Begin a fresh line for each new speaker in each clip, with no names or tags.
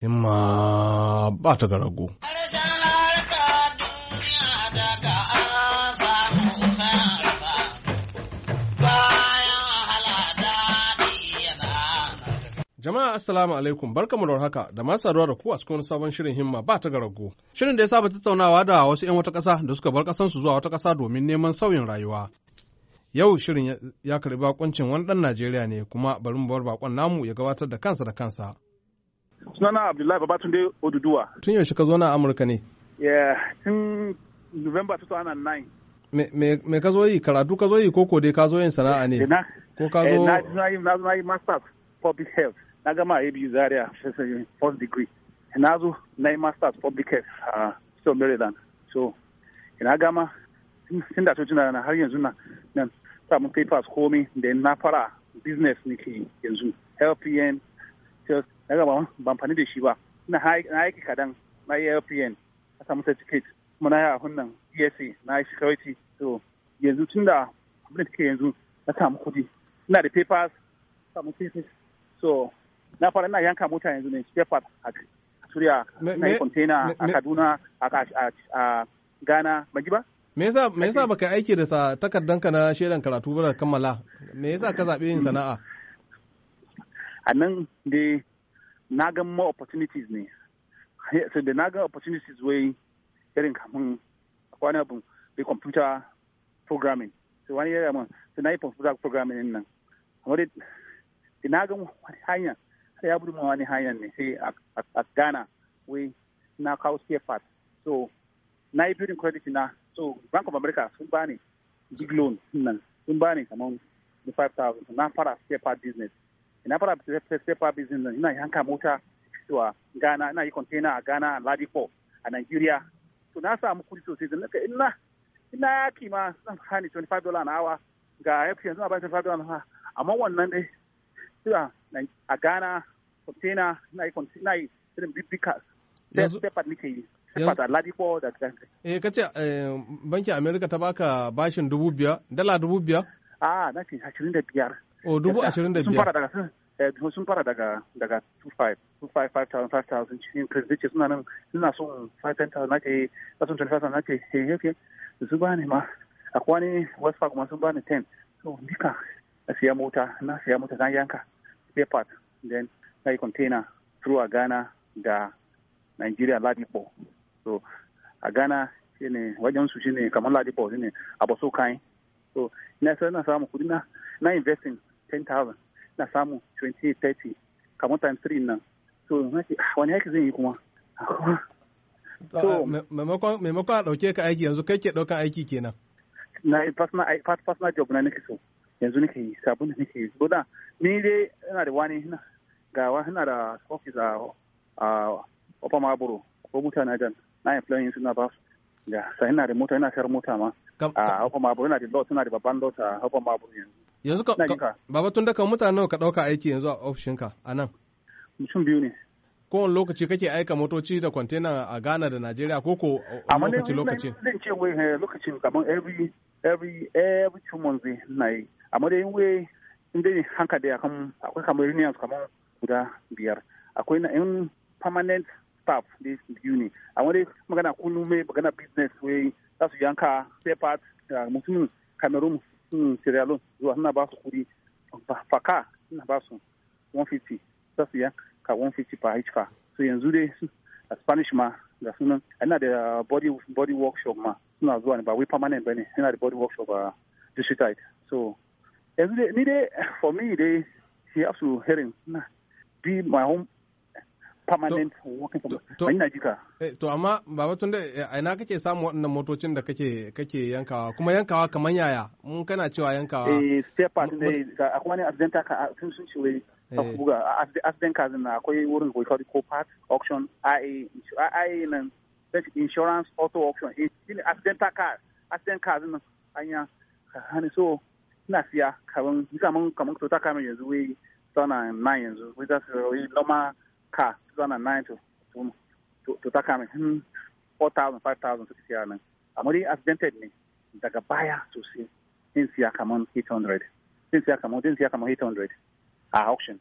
himma ba ta ga rago. Jama'a assalamu alaikum barkamu da haka da masu saduwa da ku a cikin sabon shirin himma ba ta garago. Shirin da ya saba tattaunawa da wasu 'yan wata ƙasa da suka bar ƙasansu zuwa wata ƙasa domin neman sauyin rayuwa. Yau shirin ya karɓi bakoncin wani ɗan Najeriya ne kuma bari mu bar bakon namu ya gabatar da kansa da kansa.
sunana abdullahi babatunde oduduwa
tun yaushe ka zo na amurka ne
tun november 2009
me ka zo yi karatu ka zo yi koko dai ka zo yin sana'a ne ko ka zo eh,
na zo yi masters public health na gama a abu zaria first degree na zo na yi masters public health a uh, still maryland so na gama tun da tuna na har yanzu na samun papers komi da na fara business ke yanzu health daga ba ban fani da shi ba na aiki kadan na yi european a samu certificate kuma na yi e a nan gsa na yi security to yanzu tun da abin da ke yanzu na samu kudi ina da papers samu thesis so na fara ina yanka mota yanzu ne paper a Turiya na yi container a Kaduna a Ghana magiba
me yasa baka aiki da ka na shaidan karatu bara kammala
me yasa ka zabe yin sana'a a nan dai na ga ma opportunities ne sai da na ga opportunities wai irin kamun wani abu da computer programming sai wani yara man sai na yi computer programming din nan amma da na ga wani hanya ya budu ma wani hanya ne sai a Ghana wai na kawo spare part so na yi building credit na so bank of america sun bani big loan nan sun bani kamar 5,000 na fara spare part business ina fara paper business ina yanka mota cewa Ghana ina yi container a Ghana a Ladipo a Nigeria to na samu kudi sosai zan naka ina ina kima zan hani 25 dollar na awa ga yafi yanzu a bayan 25 dollar na amma wannan dai cewa a Ghana container ina yi container yi irin big big cars paper nake yi
Eh ka ce eh, bankin Amerika ta baka bashin dubu biyar, dala dubu biyar?
Ah, na ce ashirin da biyar.
o oh, dubu ashirin da biyar
eh, sun fara daga daga 25 5,000 5,000 cikin kirzice suna nan suna son 5,000 nake yi kasan 25,000 na ke su ba ne ma akwai wani west park ma sun ba ne 10 so duka na siya mota na siya mota na yanka spare part then na yi container through a ghana da nigeria ladipo so a ghana shi ne wajen su shi ne kamar ladipo shi ne abu so kayan so ina sai na samu kudi na investing 10,000 na samu 2030 kamar times 3 nan. So, wani aiki zan yi kuma.
Maimakon a ɗauke ka aiki yanzu kai ke ɗaukan aiki kenan.
Na personal job na nake so. Yanzu nake yi, sabu da nake yi. So da, ni dai ina da wani ga wani da office a opa maburu ko mutane jan. Na employing suna ba su. sai ina da mota ina sayar mota ma a opa maburu ina da lot ina da babban lot a opa maburu yanzu yanzu ka
baba tun daga mutane ka ɗauka aiki yanzu a ofishinka a nan mutum biyu ne kowane lokaci kake aika motoci da kwantena a Ghana da Najeriya ko ko lokaci lokaci
zan ce wai eh, lokacin kaman every every every two months na yi amma dai wai in dai hanka da kan akwai Cameroonians kaman guda biyar akwai na in permanent staff da biyu ne amma dai magana kullum mai magana business wai za su yanka sai part eh, mutum Cameroon Hmm, sierra leone zuwa ina ba su kuɗi faka ina ba su 150 za su yan ka 150 per each car so yanzu dai a spanish ma ga sunan ina da body body workshop ma suna zuwa ne ba wai permanent ba ne da body workshop a uh, district so yanzu dai ni dai for me dai He have to hearing be my home permanent working permit na jika
eh, to amma baba tunda eh, a ina kake samun waɗannan motocin da kake kake yankawa kuma yankawa kamar yaya mun kana cewa yankawa eh
spare part ne akwai ne accident ka sun sun shiwe eh. buga accident ka zan akwai wurin ko ko part auction ai ia nan insurance auto auction in accident ka accident ka zan anya hani so ina siya kaman kaman kaman ta kamar yanzu wai 2009 yanzu wai za su yi normal car 2009 to, to, to, to taka mai hmm, 4,000 5,000 suka siya nan accidented ne daga baya sosai din siya kaman 800 din siya kaman din siya kaman 800 a auction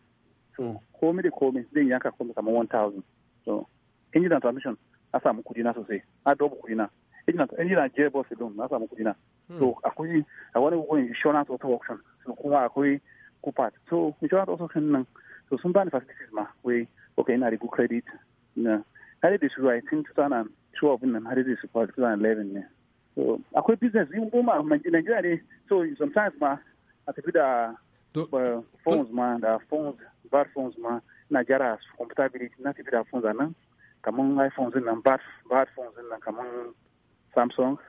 so hmm. komai da komai din yanka komai kaman 1,000 so engine and transmission na samu kudi na sosai na dobu kudi na engine and gearbox din na samu kudi na so akwai a wani wurin insurance auto auction so kuma akwai kupart so insurance auto auction nan so Sumban Fascisma, we okay in Arigu credit. I hari this right in 2012 and hari this for 2011. Ne. So akwai business din goma Nigeria So sometimes ma a tafi da phones ma the phones, bad phones ma na gyara compatibility na tafi the phones come on, iPhones din bad, bad phones din come on, Samsung,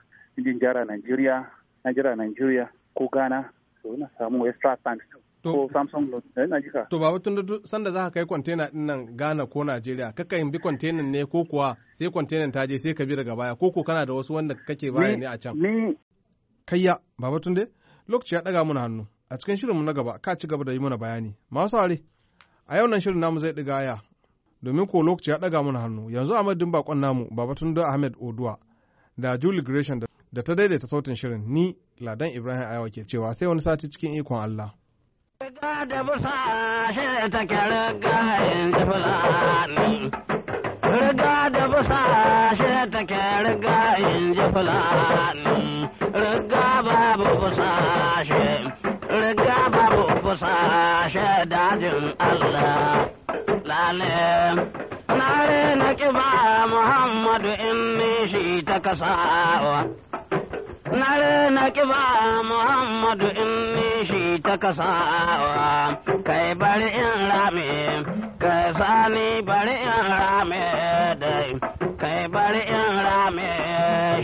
din gyara Nigeria, Nigeria ko Ghana. So na some extra thanks ko Samsung Note eh na jika
to baba tunda sanda za ka kai kwantena din nan Ghana ko Najeriya kaka in bi container ne ko kuwa sai container ta je sai ka bi daga baya ko ko kana da wasu wanda kake baya ne a can ni kayya baba tunde lokaci ya daga mana hannu a cikin shirinmu na gaba ka ci gaba da yi mana bayani masu are a yau nan shirin namu zai diga aya domin ko lokaci ya daga mana hannu yanzu a madadin bakon namu tunde ahmed oduwa da julie gresham da ta daidaita sautin shirin ni ladan ibrahim ayawa ke cewa sai wani sati cikin ikon allah
Riga da busa shi take riga yanzu fulani. Riga da busa shi take riga yanzu fulani. Riga babu busa shi, riga babu busa shi dajin Allah. Lale, na na ƙiba Muhammadu in shi ta kasawa. na rena kiba Muhammadu in ni shi ta kasawa, kai bari in rame, kai sani bari in rame dai, kai bari in rame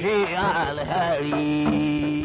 shi alheri.